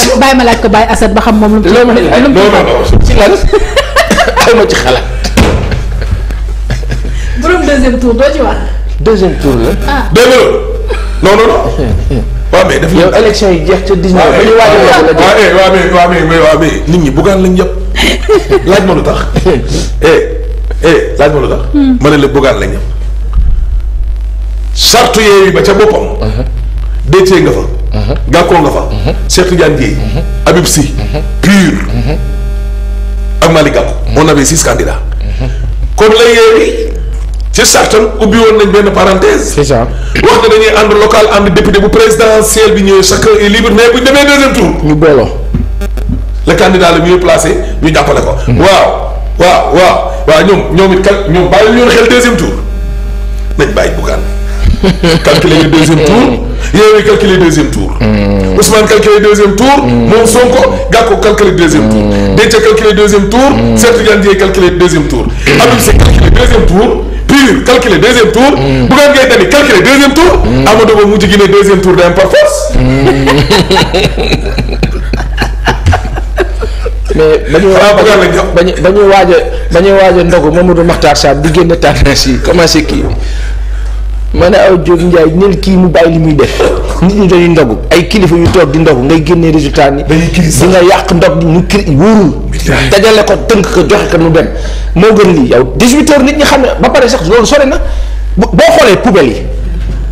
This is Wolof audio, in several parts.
bàyyi bàyyi ma laaj ko bàyyi Assane ba xam moom lu mu. loolu la non non ci lan aywa ci xalaat. borom deuxième tour doo ci wax. deuxième tour la. ah dégg non non non. waaw mais daf yow élection yi jeex ca 19. waaw waaw waaw mais waaw mais waaw mais nit ñi bugaan lañ yëpp laaj ma lu tax. eh eh laaj ma lu tax. Hmm. ma ne la bugaan lañ yëpp. charte yooyu ba ca boppam. Uh-huh. déetee nga fa. gàkkoo nga fa. Cheikh Tidiane Dièye. Habib Sy. Pur. ak Malick Gakou. on avait six candidats. kon la Yewwi ci sartam ubbi woon nañ benn parenthèse. c'est ça wax na dañuy ànd local ànd député bu présidentiel bi ñëwee chacun est libre mais bu ñu demee deuxième tour. ñu booloo. le candidat le mieux placé ñu jàppale ko. waaw waaw waaw waaw ñoom ñoom it kan ñoom bàyyi ñu xel deuxième tour nañ bàyyi Bougane. Mm. calculer deuxième tour. Yewwi mm. calculer deuxième tour. Mm. Ousmane calculer deuxième tour. moom Sonko Gàkko calculer deuxième tour. Déthié calculer deuxième tour. Cheikh Tidiane Dièye calculer deuxième tour. Habib Sy calculer deuxième tour. PUR calculer deuxième tour. Bougane Gueye Dany calculer deuxième tour. Amadou Ba mujj gi ne deuxième tour day am par force. mais dañuy waaj dañuy waaj a dañuy waaj a ndogu Mamadou commencé kii. ma ne aw Diop Ndiaye nel kii mu bàyyi muy def nit ñi dañuy ndogu ay kilifa yu toog di ndogu ngay génnee résultat ni di nga yàq ndog bi mu kii wóorul dajale ko tënk ko joxe ko mu dem moo gën lii yow 18 nit ñu xam ne ba pare sax loolu sore na boo xoolee poubelle yi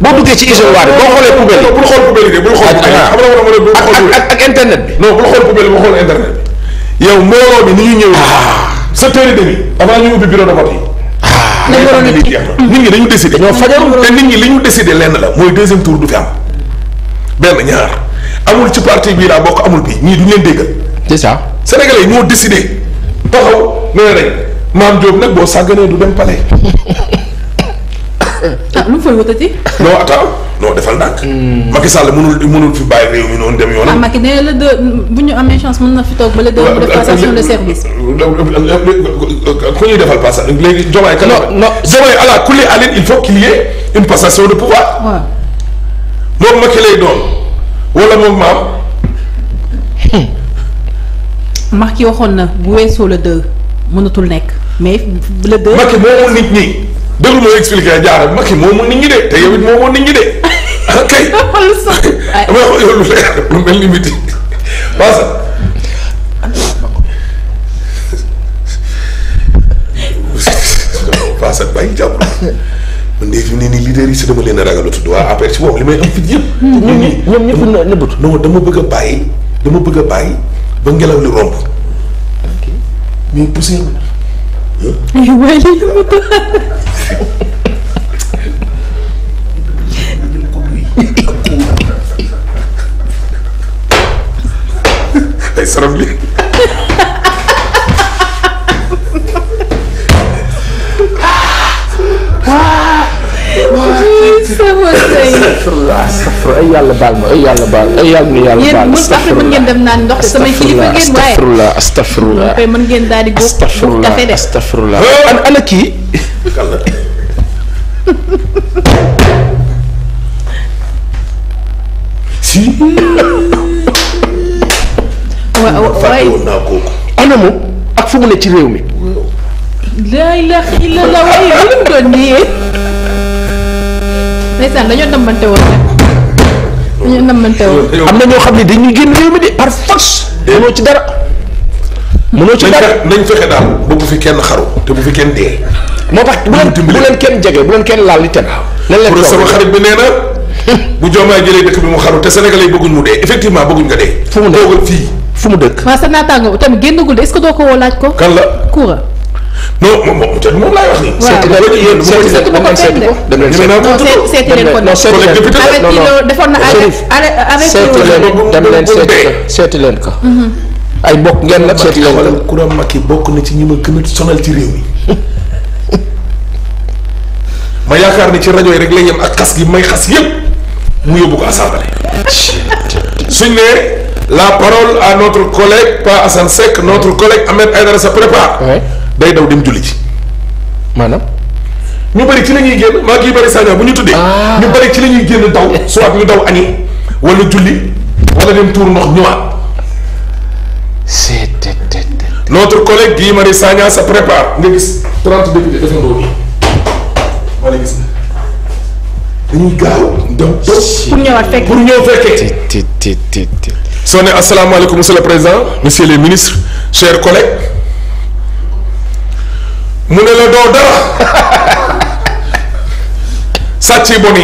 boo duggee ci isoloir yi boo xoolee poubelle yi bul xool poubelle yi bul xool ak internet bi non bul xool poubelle bul xool internet bi yow mbooloo bi ni ñu ñëw ah. sept heures et demi avant ñu nañ nit ñi dañu décidé. ñoo fajaru te nit ñi li ñu décidé lenn la mooy deuxième tour du fi am benn ñaar amul ci parti bii laa bokk amul bii ñii duñ leen déggal. c'est ça sénégalais ñoo décidé taxaw nee rek maam Diop nag boo sàgganee du dem palais. ah lu mu fay wutati. non ataa defal ndànk. Hmm. Macky Sall mënul mënul fi bàyyi réew mi noonu dem yoonam. ah Macky nee la deux bu ñu amee chance mën na fi toog ba le deux mu def passation de service. ku ñuy defal passation léegi Diomaye kan non non Diomaye ala kulli de pouvoir. moom Macky lay doon wala moom maam. Hmm. Macky waxoon na bu weesoo le deux mënatul nekk mais le deux. Macky moomul nit ñi. déglu ma expliqué jaara Macky moomu nit ñi de te yow it nit ñi de. ah kay. xool sax damay xool yow lu leer lu mel ni midi waaw bàyyi jàpp man de fi mu ne nii yi si dama leen a ragal a tudd waa APR ci boobu li may am fi yëpp. Hmm, hmm, hmm. ñoom ñëpp ñoom ñëpp nëbbatu. dama bëgg a bàyyi dama bëgg a bàyyi ba ngelaw li romb. zrobili. astafurlah ay yàlla baal ma ay yàlla baal ay yàlla nu yàlla baal. astafurlah yéen mën ngeen dem naan ndox samay kilifa ngeen waaye astafurlah astafurlah mën ngeen daal di góob café de astafurlah ana ana kii. si. fàtte woon naa kooku anamu ak fu mu ne ci réew mi. laa ilaaha illallaah waaye li mu doon nii. ndeysaan dañoo dambante woon rek. dañoo dambante am na ñoo xam ne dañuy génn réew mi de par force. mënoo ci dara. mënoo ci dara nañ fexe daal ba bu fi kenn xaru te bu fi kenn dee. moo tax bu leen bu leen kenn jege bu leen kenn laal li na lan leen sama xarit bi nee na bu joomaay jëlee dëkk bi mu xaru te sénégalais yi bëgguñ mu dee effectivement bëgguñ nga dee. fu mu ne fii. fu mu dëkk. waaw sa naataango tamit génnagul de est-ce que doo ko woo laaj ko. kan la Koura. non moom moom laay wax nii. seeti ko yéen seeti ko seeti ko dem leen seeti leen ko seeti mm-hmm. ko ay bokk ngeen nag seeti leen ko Koura Macky bokk na ci ñi ma gën a sonal ci réew mi ma yaakaar ne ci rajo yi rek la yem ak xas gi may xas yëpp mu yóbbu ko assemblée suñ ne la parole à notre collègue Pa Assane Seck notre collègue Ahmed Aïdara se prépare. day daw dem julli ji. maanaam. ñu bëri ci la ñuy génn maa ngi bëri Sadio bu ñu tuddee. Ah. ñu bëri ci la ñuy génn daw soit ñu daw añi wala julli wala dem tuur ndox ñëwaat. c'est notre collègue Guy Marius Sagna sa prépare nga gis 30 députés defandoo nii wala ñëwaat fekkee. soo ne asalaamaaleykum monsieur le président monsieur les ministres chers collègues mu ne la doo dara sàcc yi bon yi.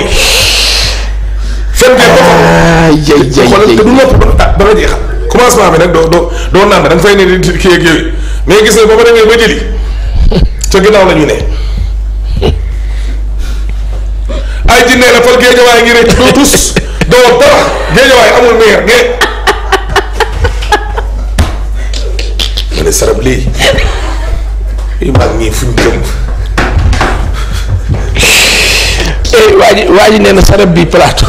fen ngeen ko fa. jeexal. commencement bi nag doo doo doo naan da nga ne di kii yooyu mais gis nga ba ba demee ba jëli ca ginnaaw la ñu ne. ay jinne la fal géejawaay ngi rëcc doo tus doo dara géejawaay amul meer ngeen. ne sarab léegi yu mag eh, waa ji waa ji nee sarab bii plateau.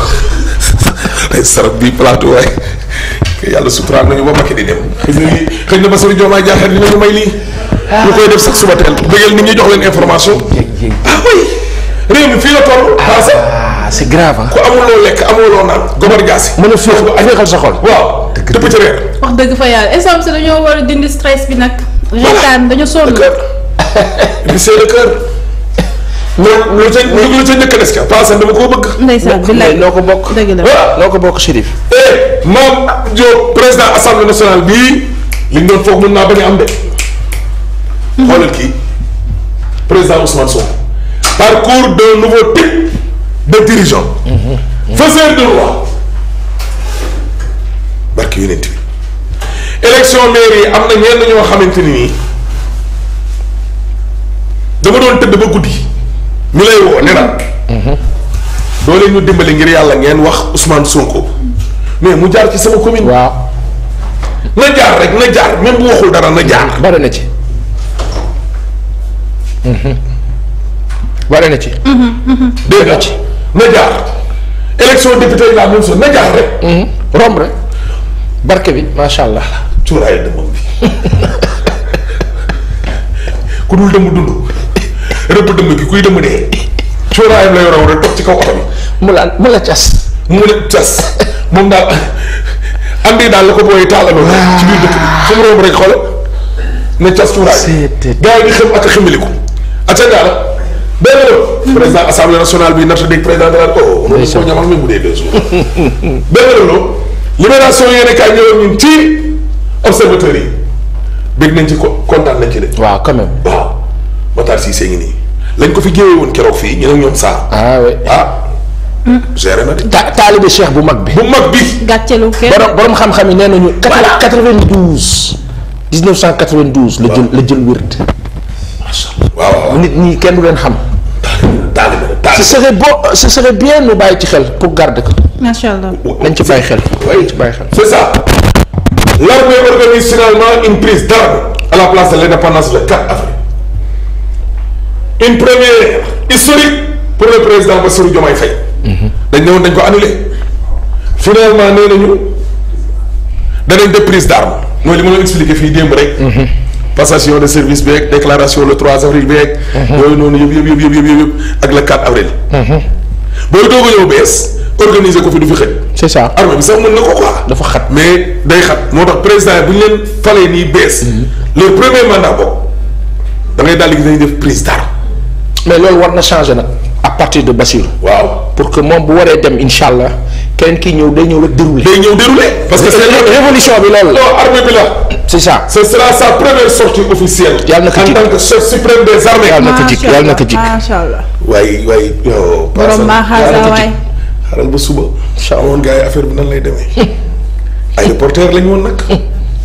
sarab bii plateau waaye yàlla suturaal nañu ba Macky di dem xëy na lii xëy na Bassirou Diomaye Diakhar dina ñu may lii. ñu koy def sax suba teel bëggeel nit ñi jox leen information. ah réew mi fii la toll. ah c'est grave ah. ku amuloo lekk amuloo naan gobar jaasi. mën a féexal sa xol waaw. depuis ci reer. wax dëgg fa yàlla instant si dañoo war a dindi stress bi nag. reetaan dañu sonn. bi c'est le cœur. loolu lu ca lu a des ka paasal eh, président assemblée nationale bii li ñu doon foog mën naa am de. Mhm. xoolal kii nouveau type de dirigeant. Mhm. faiseur de loi. yonent bi élection mairie yi am na ñenn ñoo xamante ni nii dama doon tëdd ba guddi ñu lay woo ne na doo leen ñu dimbali ngir yàlla ngeen wax Ousmane Sonko mais mu jaar ci sama commune. waaw na jaar rek na jaar bu waxul dara na jaar. bare na ci. bare na ci. dégg na ci na jaar. élection député rek. romb rek. barke bi macha allah. cuuraayu dëmmam bi ku dul dëmm dund rëbb dëmm gi kuy dëmm dee cuuraayam la yoroon rek toog ci kaw oto bi. mu la mu la cas. mu la cas moom daal am daal la ko booy taalaloon. ci biir dëkk yi di xam ak a xëmmiliku. ak sa président assemblée nationale bi natt dégg président de la mooy soo ñamal mi mu dee deux jours benn libération yéen kaay ñëwoon ñun ci observateur yi bég nañ ci ko kontaan nañ ci de. waaw quand même. waaw Matar Cissé ngi nii lañ ko fi jëwee woon keroog fii ñu ne ñoom saa. ah oui ah. géré na bu mag bi. bu mag bi. gàccelu kenn borom borom xam-xam yi nee nañu. voilà 92. 1992. waaw la jël la jël wird. macha allah waaw nit ñi kenn du leen xam. taalibe taalibe ce serait bon ce serait bien ñu bàyyi ci xel pour garder ko. macha allah nañ ci bàyyi xel. nañ ci bàyyi xel c'est ça. l'armée organise finalement une prise d'armes à la place de l'indépendance le 4 avril. une première historique pour le président Bassirou Diomaye Faye. Mm-hmm. dañ ne woon dañ ko annulé. finalement nee nañu danañ def prise d'armes mooy li ma leen expliqué fii démb rek. Mm-hmm. passation de service beeg déclaration le 3 avril beeg. Mm-hmm. yooyu noonu yëpp yëpp yëpp yëpp ak le 4 avril. booy doog a bees. organiser ko fi du fi xëj. c'est ça armée bi sax mën na ko quoi. dafa xat mais day xat moo tax président bu ñu leen falee nii bees. Mhm. leur premier mandat boobu da ngay daal di dañuy def prise d'armes. mais loolu war na changer nag à partir de Bassirou. waaw pour que moom bu waree dem incha allah keneen kii ñëw day ñëw rek déroulé. day ñëw déroulé parce que c'est la révolution bi loolu la. bi la. c'est ça ce sera sa première sortie des armées. yàlla na ko jig yàlla na ko jig macha allah macha allah. waay waay. xaaral ba suba saamoon gars affaire bi nan lay demee ay reporter lañ woon nag.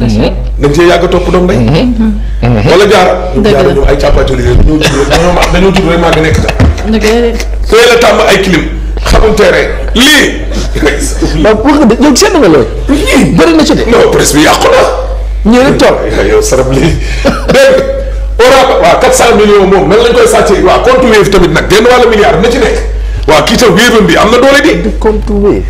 Mm-hmm. dañ cee yàgg a topp doom day mm-hmm. Mm-hmm. wala jaara ñu jaara ñoom ay càppaatoli rek dañoo jug rek dañoo jug rek nekk da teel a tàmm ay clim xamante ne lii waaw pour nga yow lii bëri na ci de non presse bi yàqu na ñëw rek toog yow sarab lii dégg nga waaw quatre cent millions moom tamit nag genn wàllu milliard na ci nekk waaw kii tam wéebam bi am na doole di. di compte wéeb.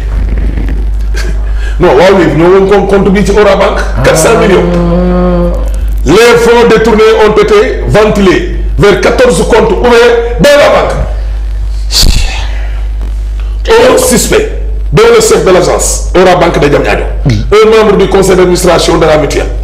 non waaw wéeb ñoo woon comme compte bi ci Orabank. 400 millions. Ah. les fonds détournés ont été ventilés vers 14 comptes ouverts dans la banque. un suspect dont le de l' agence Orabank de Diamniadio. Mm. un membre du conseil d' administration de la mutuelle.